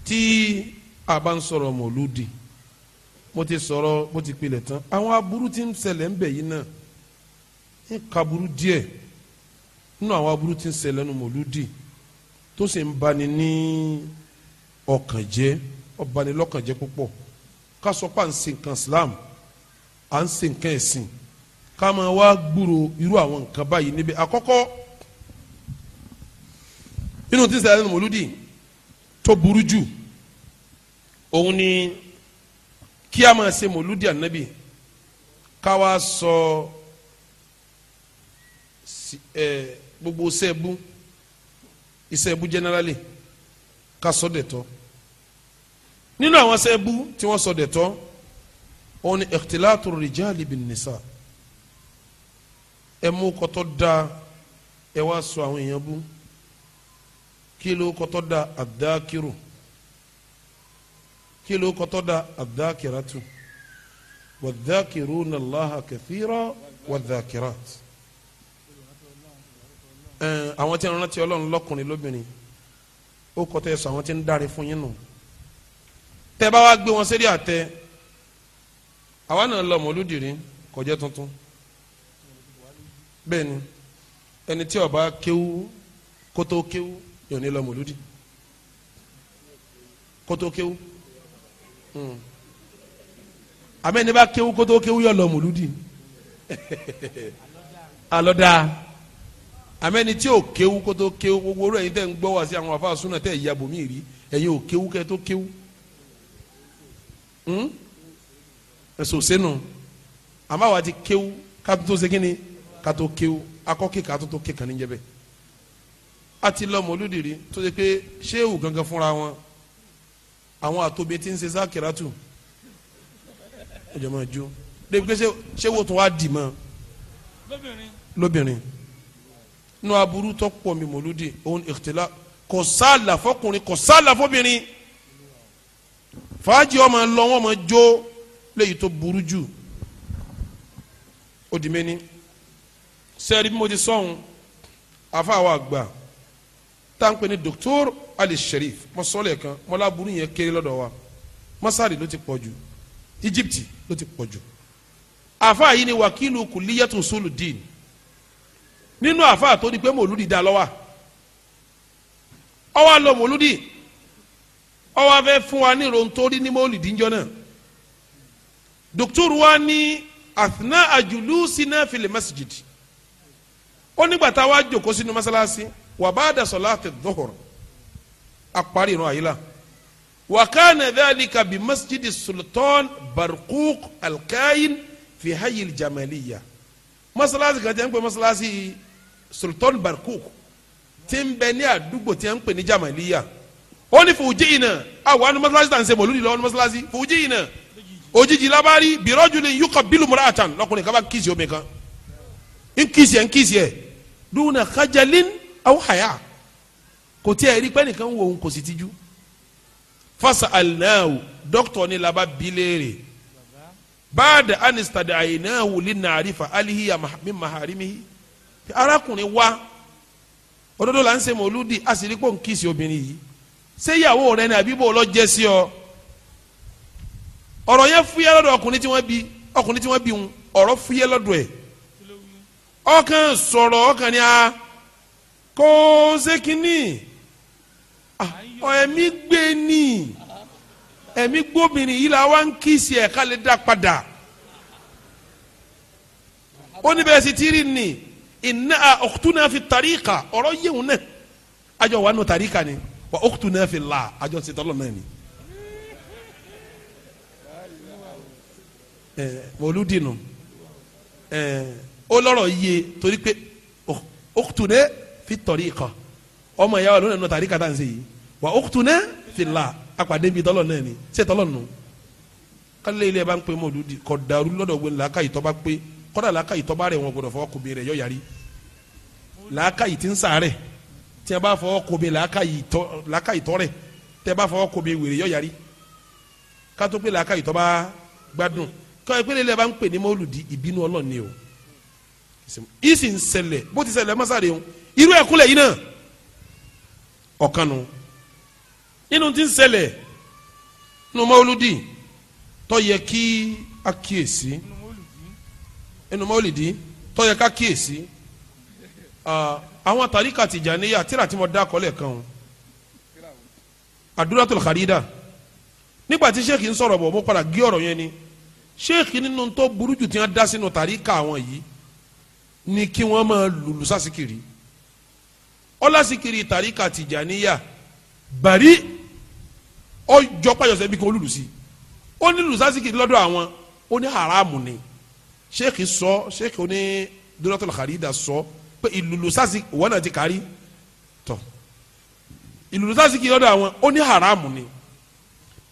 tí a bá ń sọ̀rọ̀ mọ̀lúdi mo ti sọ̀rọ̀ mo ti pilẹ̀ tán àwọn aburú tí ń ṣẹlẹ̀ ń bẹ̀ yìí náà ń ka burú díẹ̀ nínú àwọn aburú tí ń ṣẹlẹ̀ nínú mọ̀lúdi tó sì ń bani ní ọkàn jẹ́ ó lọ́kàn jẹ́ púpọ̀ ká sọ pé à ń ṣe nǹkan Islam à ń ṣe nǹkan ẹ̀sìn ká máa wá gbúrò irú àwọn nǹkan báyìí níbi àkọ́kọ́ nínú tí ń ṣẹlẹ̀ nínú mọ̀lúdi tó burú jù òun ni kí a máa ṣe mòlúdì ànábì ká wá sọ ẹ gbogbo sẹ́ẹ̀bù ìsẹ́ẹ̀bù generally ká sọ dẹ̀tọ́ nínú àwọn sẹ́ẹ̀bù tí wọ́n sọ dẹ̀tọ́ òun ni ikhtilatu rijali bin nisa ẹ mú kọ́tọ́ da ẹ wá sọ àwọn èèyàn bú kí ló kọ́tọ́ da àdákìrò kí ló kọ́tọ́ da adh-dhakiratu wadh-dhakiruna Allaha kathira wadh-dhakirat. àwọn tí ń rántí ọlọ́run lọ́kùnrin lóbìnrin ó kọ́tọ́ ẹ̀sọ́ àwọn tí ń dárí fún yín nù. tẹ́ bá wá gbé wọn sérí àtẹ àwa náà lọ mọ̀lúdìrí kọjá tuntun bẹ́ẹ̀ ni ẹni tí ó kéwú kótó kéwú yóò ní lọ mọ̀lúdì kótó kéwú. Hmm. àmín ní bá kéwú kótó kéwú yọ lọ mòlúdì alọ́dà (laughs) àmín ní tí ò kéwú kótó kéwú gbogbo rẹ̀ yìí tẹ̀ ń gbọ́ wá sí àwọn afáà súnà tẹ̀ ìyá bòmí rí ẹ̀yin ò kéwú kẹ́ tó kéwú hmm? ẹ̀sọ̀ sẹ́nu àmọ́ àwa ti kéwú kátó tó segin ni kátó kéwú akọ́kè kátó tó ké kàn níjẹ́ bẹ́ẹ̀ a ti lọ mòlúdì rí tó ṣe pé ṣéwù gangan fúnra wọn àwọn àtòbí tí ń ṣe sákìrátù ó jẹ́ máa jó débi pé ṣé wo tún wá dì mọ́ lóbìnrin nínú aburú tó pọ̀ mi mòlúdi òun ìkìtìlá kò sáàlà fọkùnrin kò sáàlà fọbìnrin fàájì ọmọ lọ wọn mọ jó léyìí tó burú jù ó di méní sẹ́ẹ̀rí bí mo ti sọ̀hún afáwa àgbà táǹpẹ́ ni dòkítọ́rù ali sherif mọ́sọ́lẹ̀ kan mọ́láburú yẹn kéré lọ́dọ̀ wa masari ló ti pọ̀ jù íjíbítì ló ti pọ̀ jù àfáà yìí ni wàkílù kùlíyàtù sólùdín nínú àfáà tó di pé mòlúdi dá lọ́wọ́ ọwọ́ àlọ́ mòlúdi ọwọ́ afẹ́ fún wa ní rontórí ní mòlúdi njọ́ náà dókítà wa ní àfínà àjùlù sínú fìlẹ̀ masjid ó nígbà tá a wá jòkó sínú masalasi wàbá dàsọ̀lá apari irun àyílà wakana dhalika bi masjidi sultan barquq alkain fi hayil jamaliya masalasi kan tí a ń pè masalasi sultan barquq tí ń bẹ ní àdúgbò tí a ń pè ní jamaliya ó ní fòjì iná àwọn anu masalasi tàn ṣe mọlúdi lọ anu masalasi fòjì iná òjijì labari birojulin yukọ bilu muratan lọkùnrin kaba kìsì omi kan ń kìsì ẹ ń kìsì ẹ dùnà kajalin aw haya kò tí ẹ rí pé nìkan wò ó kò sì tijú fasa alinahu dókítà ní laba bilére báàdà anistada àyìnáhu linarifa alihiya mi maharimihi arákùnrin wa òdodo la ń ṣe mọlúdi àsìrípò ń kí sí obìnrin yìí ṣé ìyàwó rẹ ni àbí bò lọ jẹ sí ọ ọ̀rọ̀ yẹn fúyẹ́ lọ́dọ̀ ọkùnrin tí wọ́n bí ọkùnrin tí wọ́n bí ń ọ̀rọ̀ fúyẹ́ lọ́dọ̀ ẹ̀ ọkàn sọ̀rọ̀ ọkàn ni Ah, ọ ẹ̀mí gbé ní ẹ̀mí gbóbìnrin yìí la wá ń kí sí ẹ̀ ká lè dá padà ó ní bẹ́ẹ̀ sì ti rí ni iná ukhtuna fi tàríkà ọ̀rọ̀ yéwu náà àjọ wà nù tàríkà ni wà ukhtuna fi là àjọ sètọ́lọ̀ náà ni. ẹ mọlúdì nù ẹ ó lọ́rọ̀ yé torí pé ukhtuna fi tàríkà ọmọ ya wa lónìí nínú tàríkà tá à ń ṣe yìí wà ukhtuna fillah apàdé bíi tọ́lọ̀ náà ni ṣé tọ́lọ̀ nù kálí ilé bá ń pè mọ́lúdì kọ́ dàrú lọ́dọ̀ gbé làákà ìtọ́ bá pé kọ́dà làákà ìtọ́ bá rẹ̀ wọn gbọ́dọ̀ fọwọ́ kò bèrè yọ yàrí làákà ìtì ń sàárẹ̀ tí a bá fọwọ́ kò bè làákà ìtọ́ rẹ̀ tẹ́ bá fọwọ́ kò bè wèrè yọ yàrí kátó pé làákà ìtọ́ bá gbádùn kọ́ ẹ pé ilé bá ń pè ní mọ́lúdì ìbínú ọlọ́ọ̀ni o ìsìn ṣẹlẹ̀ bó ti ṣẹlẹ̀ mọ́sáre o irú ẹ̀kúnlẹ̀ yìí náà ọ̀kan nu nínú tí ń ṣẹlẹ̀ nínú mọ́lúdì tó yẹ kí a kíyèsí nínú mọ́lúdì tó yẹ ká kíyèsí àwọn tàríkà Tìjàníyà tíra tí mo dá kọ́lẹ̀ kan o àdúrátùl kharida nígbà tí sheikh ń sọ̀rọ̀ bọ̀ mo padà gé ọ̀rọ̀ yẹn ni sheikh nínú tó burú jù tí wọ́n dá sínú tàríkà àwọn yìí ni kí wọ́n máa lùlù sásìkiri ọlásìkiri tàríkà tìjàníyà bàrí ọjọ́ pàjọsẹ̀ bí kò olùlùsí ó ní lùsásìkiri lọ́dọ̀ àwọn ó ní haramu ni sheikh sọ sheikh ní dúrọ́tọ̀lù kharida sọ pé ìlùlùsásìkiri wọn náà ti kárí tọ̀ ìlùlùsásìkiri lọ́dọ̀ àwọn ó ní haramu ni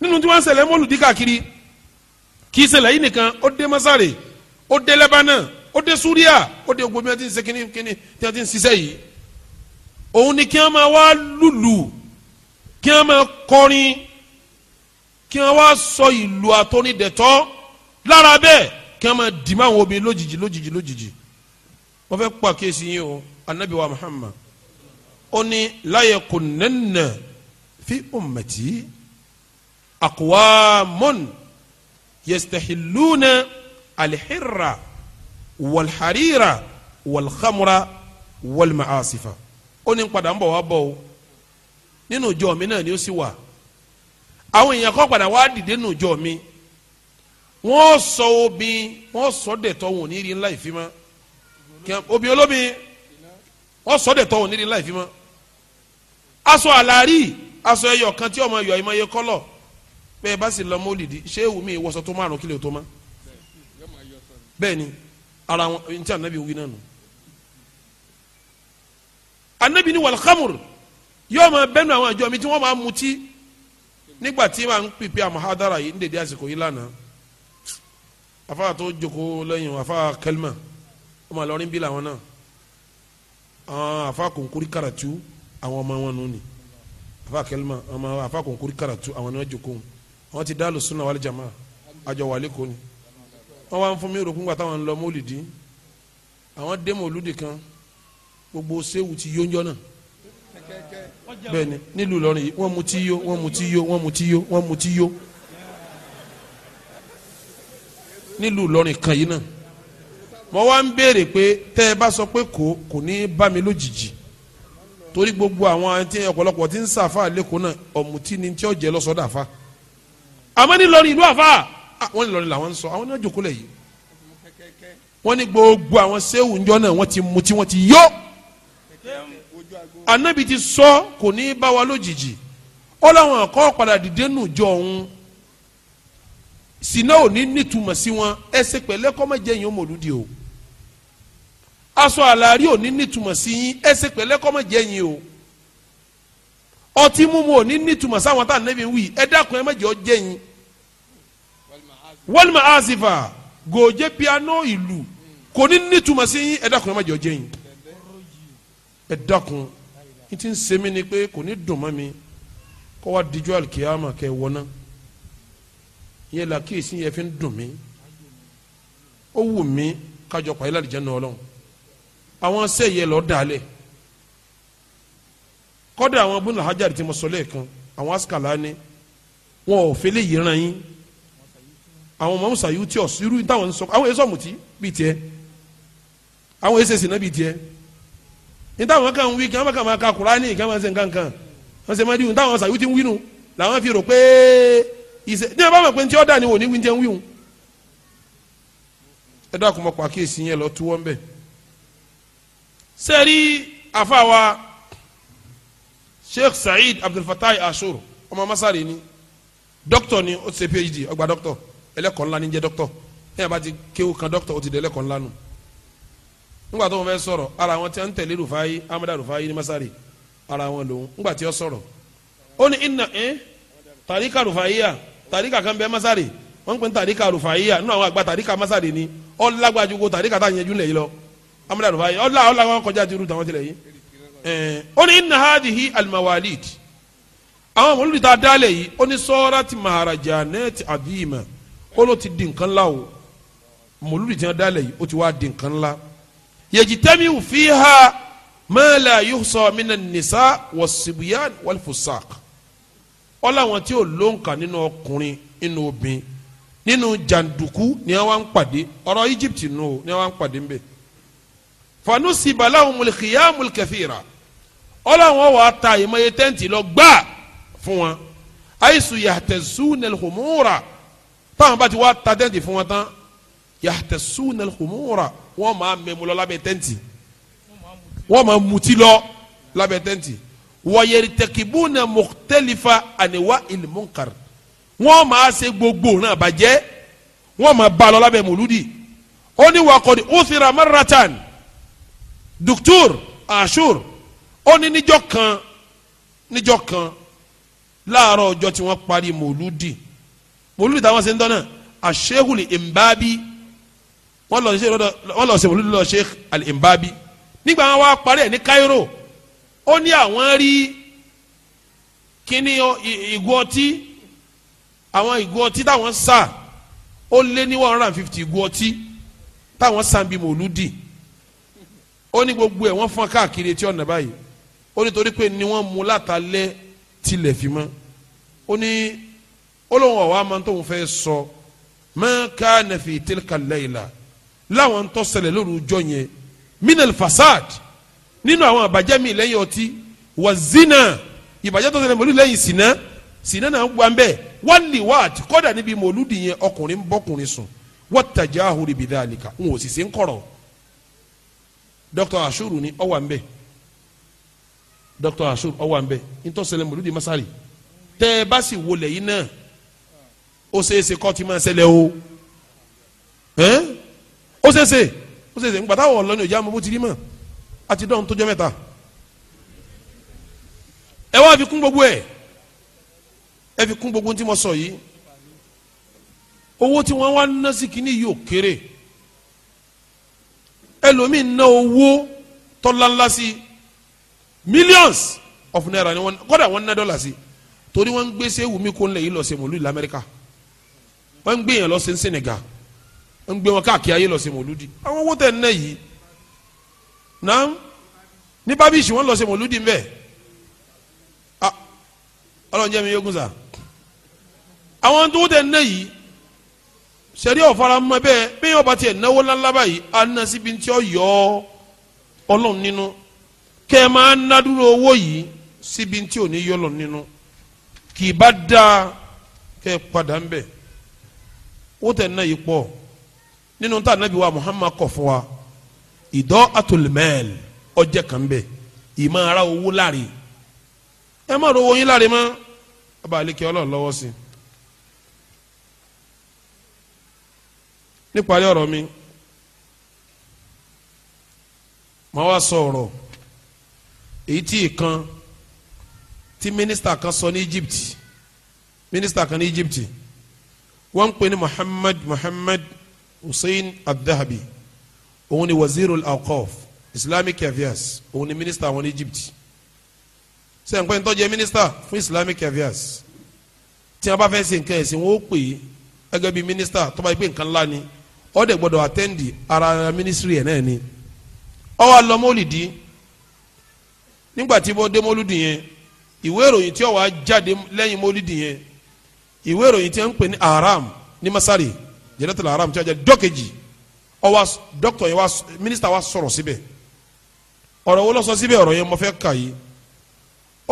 nínú tí wọ́n ń ṣẹlẹ̀ mọ́lùdí káàkiri kì í ṣẹlẹ̀ yìí nìkan ó dé masare ó dé lẹ́bánà ó dé súríà ó dé gbogbo bí ti ń ṣe kíní kíní tí wọ́n ti ń ṣiṣẹ́ yìí òun ni kí wọ́n máa wá lùlù kí wọ́n máa kọrin kí wọ́n wá sọ ìlú àtọ́nidẹ̀tọ́ lára bẹ́ẹ̀ kí wọ́n máa dì mọ́ àwọn obìnrin lójijì lójijì lójijì wọ́n fẹ́ pa kéésì yín o anabi wa muhammad ó ní láyé kò nẹ́nà fi ummati aqwamun yastahilluna alhirra walharira walkhamra walmaasifa ó ní padà ń bọ̀ wá bọ̀ o nínú ìjọ mi náà ni ó sì wà àwọn èèyàn kan padà wá dìde nínú ìjọ mi wọ́n sọ obi wọ́n sọ dẹ̀tọ̀ wọn ò ní rí ńlá ìfi mọ́ obi olómi wọ́n sọ dẹ̀tọ̀ wọn ò ní rí ńlá ìfi mọ́ aṣọ àlàrí aṣọ ẹyọ kan tí ọmọ ẹyọ ìmọ̀ ẹyẹ kọ́lọ̀ bẹ́ẹ̀ bá sì lọ mọ́lìdì ṣé ewu mi ìwọṣọ tó márùn kílẹ̀ tó má bẹ́ẹ̀ ni ara wọn ní tí ànábì wí náà nù anabi ni walhamur yóò máa bẹnu àwọn àjọ mi tí wọ́n máa mutí nígbà tí wọ́n pèpè àmàhádàrà yìí ń dèdè àsìkò yìí lánàá afa tó jókòó lẹ́yìn afa kẹlima ọmọ àlọrin bí làwọn náà afa kòkòrí karatu àwọn ọmọ wọn nù ni afa kẹlima ọmọ afa kòkòrí karatu àwọn ni wọ́n jókòó àwọn ti dáàlù sunna wàlẹ jama àjọ wàlẹ kò ní wọ́n wá ń fún mi rògbòǹgbà táwọn ń lọ mólìdí àwọn dé mòlúdì kan gbogbo sewu ti yó njọ́ náà bẹ́ẹ̀ni nílùú Ìlọrin yìí wọ́n mu ti yó wọ́n mu ti yó wọ́n mu ti yó wọ́n mu ti yó nílùú Ìlọrin kan yìí náà mo wá ń béèrè pé tẹ́ ẹ bá sọ pé kò kò ní bá mi lójijì torí gbogbo àwọn àti ọ̀pọ̀lọpọ̀ tí ń sàfà lẹ́kọ̀ọ́ náà ọ̀mùtí ni tí ó jẹ́ lọ́sọ̀dọ̀ àfà àmọ́ nílọrin ìlú àfà àwọn nílọrin làwọn ń sọ àwọn náà jòkó lẹ̀ yìí wọ́n ní gbogbo àwọn séwù ńjọ́ náà wọ́n ti mutí wọ́n ti yó anabi ti sọ kò ní í bá wa lójijì ó láwọn àkọ́ padà dìde nù jọ òun sìnà ò ní nítumọ̀ sí wọn ẹsẹ̀ pẹ̀lẹ́ kọ́ mọ̀ jẹ́ yín ọmọlúdi o aṣọ àlàárí ò ní nítumọ̀ sí yín ẹsẹ̀ pẹ̀lẹ́ kọ́ mọ̀ yín o ọtí mímu ò ní nítumọ̀ sáwọn tá à nẹ́bí wí ẹ dákun ẹ má jẹ́ ọ jẹ́ yín wọ́n mọ̀ àzìfà gòjé piano ìlú kò ní nítumọ̀ sí yín ẹ dákun ẹ má ọ jẹ́ yín ẹ dákun ní ti ń ṣe mí ni pé kò ní dùn mọ́ mi kó wá dijú alikiyama kẹ wọná yẹn la kíyèsí yẹn fi ń dùn mí ó wù mí kájọ pàyẹ́ lálìjẹ́ nù ọlọ́run àwọn sẹ́yẹ lọ́ọ́ dalẹ̀ kọ́dà àwọn abúlé hajjari tí mo sọ lẹ́ẹ̀kan àwọn asikalani wọn ò fẹ́lẹ́ yìí yín àwọn mọ̀mùsà yìí tí ọ̀ sírú táwọn ń sọ àwọn èso ọ̀mùtí bíi àwọn èso ìsìn náà níta àwọn kan wí kí wọn kàn máa ka kurani kí wọn máa ṣe nǹkan kan wọn ṣe máa di wọn níta àwọn sàyú ti ń wí nu làwọn fi rò pé ìṣe ní abáwọn pé ní tí ó dà ní wí ní tí ẹ dákun mọ́ pàkíyèsí yẹn lọ tú wọn bẹ́ẹ̀. sẹ́ẹ̀rí àfàwà Sheikh Said Abdulfatai Ashur ọmọ masari ni dókítọ̀ ni ó ti ṣe PhD ó gba dókítọ̀ ẹlẹ́kọ̀ọ́ ńlá ni ń jẹ́ dókítọ̀ ẹ̀yà bá ti kéwù kan dókítọ̀ ó ti dẹ̀ ẹlẹ́kọ̀ọ́ ńlá nù nígbà tó wọn fẹ́ sọ̀rọ̀ ara wọn tí wọn Rufai Amada Rufai ní Masari ara wọn lòun nígbà tí wọn ó ní ina ẹ eh, tàríkà Rufaiya tàríkà kan bẹ Masari wọn pè ní tàríkà Rufaiya nínú àwọn àgbà tàríkà Masari ni ọlágbájú ko tàríkà tá a yẹjú lẹ̀ yìí lọ Amada Rufai ọlá ọlá wọn kọjá ti rú tàwọn tilẹ̀ yìí ẹ eh, ó ní ina hadihi almawalid àwọn mọlúdi tá a dálẹ̀ yìí ó ní sọ́ra ti maharajà nẹ́ẹ̀tì àbíyìmọ̀ ó ló ti di nǹkan ńlá o mọlúdi tí wọn dálẹ̀ yìí ó ti wá di nǹkan ńlá yejitami فيها ma la yuhsa mina nisa wa sibiyan wal fusaq ọlọ àwọn tí ó lóǹkà nínú ọkùnrin nínú obìnrin nínú jàǹdùkú ni wọn ń pàdé ọ̀rọ̀ Egypt nù o ni wọn ń pàdé nbẹ fanu sibalahu mulikiya mulikẹfira ọlọ àwọn wà ta ìmọye tẹ́ǹtì lọ gbà fún wọn àìsù yàtẹ̀sù nẹlẹ̀kùmúra táwọn bá ti wá ta tẹ́ǹtì fún wọn tán yàtẹ̀sù nẹlẹ̀kùmúra wọ́n máa mẹ́mu lọ lábẹ́ tẹ́ǹtì wọ́n máa mutí lọ lábẹ́ tẹ́ǹtì wọ́yẹ̀rì tẹ̀kìbù na mọ̀tẹ́lifà àníwá ìlmùnkàr wọ́n máa ṣe gbogbo náà bàjẹ́ wọ́n máa bá lọ lábẹ́ mòlúdì ó ní wakọ̀dì uthira maratan dukutur ashur ó ní níjọ́ kan níjọ́ kan láàárọ̀ ọjọ́ tí wọ́n parí mòlúdì mòlúdì táwọn ṣe ń dán náà àṣehùlì ìmbábí wọ́n lọ ṣe wọ́n lọ ṣe wòlúù lọ Sheikh Al-Imbabi nígbà wọn wá parí ẹ̀ ní Cairo ó ní àwọn rí kíní ìgò ọtí àwọn ìgò ọtí táwọn sà ó lé ní one hundred and fifty ìgò ọtí táwọn sàn bí mòlúdì ó ní gbogbo ẹ̀ wọ́n fọ́n káàkiri etí ọ̀nà báyìí ó ní torí pé ni wọ́n mú látàlẹ́ tilẹ̀ fi mọ́ ó ní ó lóun ọ̀wá máa tóun fẹ́ sọ mẹ́ka nẹ̀fì tilka layla láwọn tó ṣẹlẹ̀ lóru ọjọ́ yẹn minel fasad nínú àwọn àbàjẹ́ mi lẹ́yìn ọtí wà zina ìbàjẹ́ tó ṣẹlẹ̀ lẹ́yìn sinna sinna náà wà ń bẹ́ẹ̀ wọ́n lè wá àti kọ́dà níbi mọ́lúdì yẹn ọkùnrin bọ́kùnrin sùn wọ́n tajà ahùrì bìdá àlìkà ń wò sì sí ń kọ̀rọ̀ dr ashuru ni ọwà ń bẹ́ẹ̀ dr ashuru ọwà ń bẹ́ẹ̀ ní tó ṣẹlẹ̀ mọ́lúdì masari tẹ́ ẹ bá sì wọlé yìí náà ó ṣeé ṣe kọ́ ti máa ṣẹlẹ̀ o. Eh? ó ṣeéṣe ó ṣeéṣe ńgbà táwọn ọ̀lọ́ ni òjá mọ bó ti rí mọ́ àti dán tó jẹ́ mẹ́ta ẹ wá fi gbogbo ẹ ẹ gbogbo tí mo sọ yìí owó tí wọ́n wá ná sí kínní yìí ò kéré ẹlòmíì ná owó sí millions of naira ni wọ́n kọ́dà wọ́n ná dọ́là sí torí wọ́n ń gbé sẹ́wùmí kó ń lẹ̀ yìí lọ sẹ́wùmí Senegal. ń gbé wọn káàkiri ayé lọ sí mòlúdi àwọn owó tẹ̀ ń ná yìí náà ní bábíìsì wọn lọ sí mòlúdi mbẹ ah, ọlọ́njẹ́ mi yókùn sá àwọn tó tẹ̀ ń ná yìí sẹ́rí ọ̀fara mọ́ bẹ́ẹ̀ bí yóò bá tiẹ̀ náwó ńláńlá báyìí á ná síbi tí ó yọ ọlọ́run nínú kẹ́ ẹ máa ná dúró owó yìí síbi tí ò ní yọ ọlọ́run nínú kì í bá dáa kẹ́ ẹ padà ń bẹ̀ ó tẹ̀ ń yìí pọ̀ nínú tá anabi wa muhammad kọ fún wa ìdọ́ atolmẹ́ẹ̀lì ọjẹ́ kan bẹ́ẹ̀ ìmọ̀ ara owó láre ẹ má ro owó yín láre mọ́ ọba àlekè ọlọ́run lọ́wọ́ sí i. níparí ọ̀rọ̀ mi màá wá sọ èyí tí ìkan tí mínísítà kan sọ ní Egypt mínísítà kan ní Egypt wọ́n ń pè ní Muhammad Muhammad hussein adahabi òun ni al awqaf islamic affairs òun ni minister àwọn egypt sẹ́ǹpẹ́ ń tọ́jú minister fún islamic affairs tí wọ́n bá fẹ́ ṣe nǹkan ẹ̀sìn wọn ó pè é gẹ́gẹ́ bí minister tó bá yẹ pé nǹkan ńlá ni ó dẹ̀ gbọ́dọ̀ ara ministry ẹ̀ náà ni ó wá lọ mọ́lìdí nígbà tí wọ́n dé yẹn ìwé ìròyìn tí wá jáde lẹ́yìn yẹn ìwé aram ní masari jẹnẹtẹlẹ haram tí a jẹ dọkẹji ọwa dọkítọ yẹn wa mínísítà wa sọ̀rọ̀ síbẹ̀ ọ̀rọ̀ wo ló sọ síbẹ̀ ọ̀rọ̀ yẹn mo fẹ́ kà yìí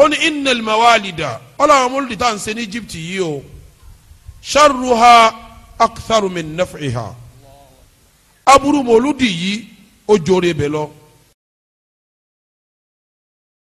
ó ní innal mawalida ọlọ́run amúlùdí tá à ń ṣe ní Egypt yìí o sharruha aktharu naf'iha aburú yìí ó jóore bẹ lọ.